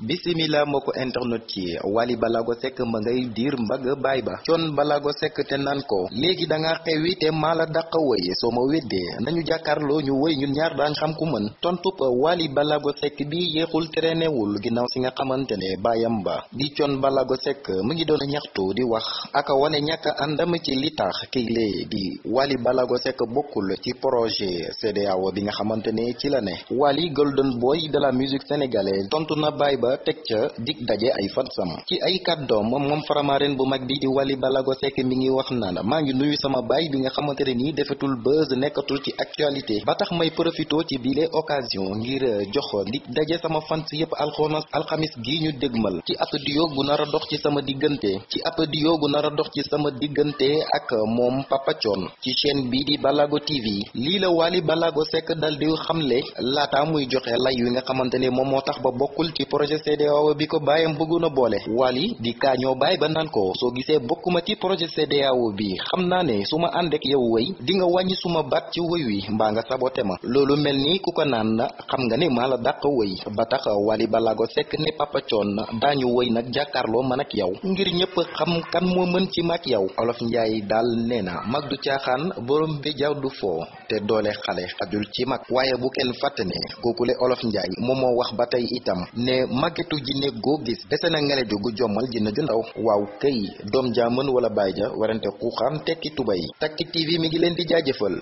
bisimila mbokk internet ci Wally Balago Seck ma ngay diir mbag baay ba Thione Balago Seck te naan ko léegi danga xewwi te maa la dàq woy soo ma weddee nañu jàkkaarloo ñu woy ñu ñaar daañ xam ku mën tontub Wally Balago Seck bi yéexul terenewul ginnaaw si nga xamante ne baayam ba di Thione Balago Seck mu ngi doon ñaxtu di wax aka wane ñàkk àndam ci li tax kiile di Wally Balago Seck bokkul ci projet CEDEAO bi nga xamante ne ci la ne Wally Golden Boy de ba teg ca dig daje ay fansam ci ay kàddoom moom Faramareen bu mag bi di Wally Ballago Seck mi ngi wax naan maa ngi nuyu sama baay bi nga xamante ne nii defetul buzz nekkatul ci actualité ba tax may profito ci bile occasion ngir euh, jox dig daje sama fans yépp alxonas gi ñu dégmal ci ab gu nar a dox ci sama diggante ci ab diyo nar a ci sama diggante ak moom Papa Thione ci chaîne bi di Ballago TV lii la Wally Ballago Seck dal di xamle laata muy joxe lay wi nga xamante moom moo projet CEDEAO bi ko bàyyam bëggoon a boole Wally di kaañoo bàyyi ba naan ko soo gisee bokkuma ci projet CEDEAO bi xam naa ne su ma ànd ak yow wëy di nga wàññi suma baat ci woy wi mbaa nga sabote ma loolu mel ni ku ko naan na xam nga ne maa la dàq woy ba tax Wally Balago sekk ne Papa na daañu wëy nag jàkkaarloo man ak yow ngir ñëpp xam kan moo mën ci mag yow Olof Njaay daal nee na mag du caaxaan borom bi jaw du foo te doole xale xajul ci mag waaye bu kenn fàtte ne Olof Njaay moom moo wax ba tey màggetu jinne goo gis dese na ngeleju gu jommal jinne ju ndaw waaw këy doom jaa mën wala baay ja warante xuuxaam tekki tubéy Tactic TV mi ngi leen di jaajëfal